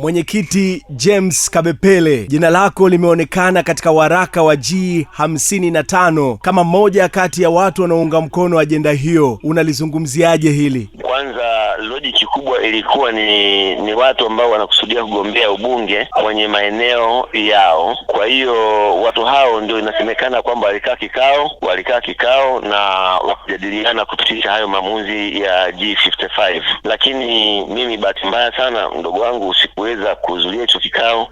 Mwenyekiti James Kabepele, jina lako limeonekana katika waraka wa G55 kama moja kati ya watu wanaounga mkono ajenda hiyo, unalizungumziaje hili? Kwanza logic kubwa ilikuwa ni ni watu ambao wanakusudia kugombea ubunge kwenye maeneo yao. Kwa hiyo watu hao ndio inasemekana kwamba walikaa kikao, walikaa kikao na wakajadiliana kupitisha hayo maamuzi ya G55, lakini mimi bahati mbaya sana, mdogo wangu, sikuweza kuhudhuria hicho kikao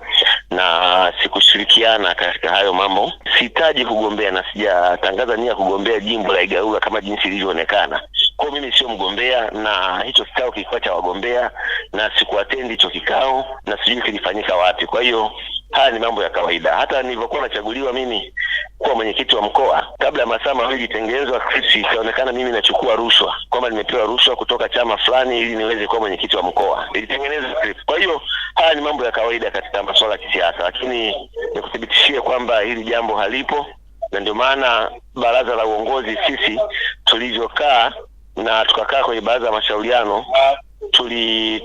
na sikushirikiana katika hayo mambo. sitaji kugombea na sijatangaza nia ya kugombea jimbo la Igaula kama jinsi ilivyoonekana. Kwa mimi sio mgombea, na hicho kikao kilikuwa cha wagombea na sikuatendi hicho kikao, na sijui kilifanyika wapi. Kwa hiyo haya ni mambo ya kawaida. Hata nilivyokuwa nachaguliwa mimi kuwa mwenyekiti wa mkoa, kabla ya masaa mawili itengenezwa sisi, ikaonekana mimi nachukua rushwa, kwamba nimepewa rushwa kutoka chama fulani ili niweze kuwa mwenyekiti wa mkoa, ilitengenezwa. Kwa hiyo haya ni mambo ya kawaida katika masuala ya kisiasa, lakini nikuthibitishie kwamba hili jambo halipo, na ndio maana baraza la uongozi sisi tulivyokaa na tukakaa kwenye baadhi ya mashauriano ah.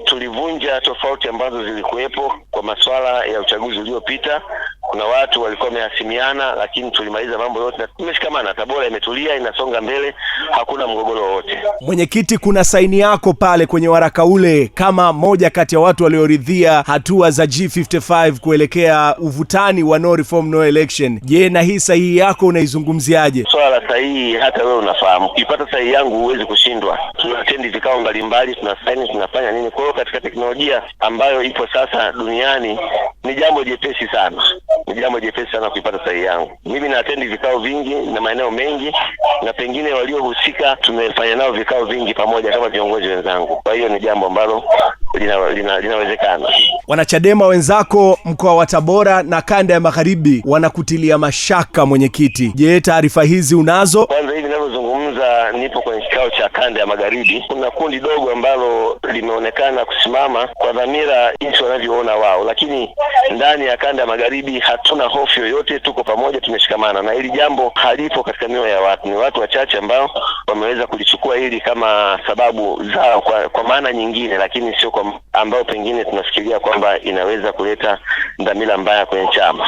tulivunja tofauti ambazo zilikuwepo kwa masuala ya uchaguzi uliopita kuna watu walikuwa wameasimiana, lakini tulimaliza mambo yote na tumeshikamana. Tabora imetulia inasonga mbele, hakuna mgogoro wowote. Mwenyekiti, kuna saini yako pale kwenye waraka ule kama moja kati ya watu walioridhia hatua za G55 kuelekea uvutani wa no reform no election. Je, na hii sahihi yako unaizungumziaje? Swala la sahihi hata wewe unafahamu, ukipata sahihi yangu huwezi kushindwa. Tunatendi vikao mbalimbali, tuna saini, tunafanya nini. Kwa hiyo katika teknolojia ambayo ipo sasa duniani ni jambo jepesi sana, ni jambo jepesi sana kuipata sahihi yangu. Mimi naatendi vikao vingi na maeneo mengi, na pengine waliohusika tumefanya nao vikao vingi pamoja kama viongozi wenzangu. Kwa hiyo ni jambo ambalo linawezekana lina, lina wanachadema wenzako mkoa wa Tabora na kanda ya Magharibi wanakutilia mashaka mwenyekiti. Je, taarifa hizi unazo? Kwanza kwanza nipo kwenye kikao cha kanda ya magharibi. Kuna kundi dogo ambalo limeonekana kusimama kwa dhamira jinsi wanavyoona wao, lakini ndani ya kanda ya magharibi hatuna hofu yoyote, tuko pamoja, tumeshikamana, na hili jambo halipo katika mioyo ya watu. Ni watu wachache ambao wameweza kulichukua hili kama sababu zao kwa, kwa maana nyingine, lakini sio kwa ambao pengine tunafikiria kwamba inaweza kuleta dhamira mbaya kwenye chama.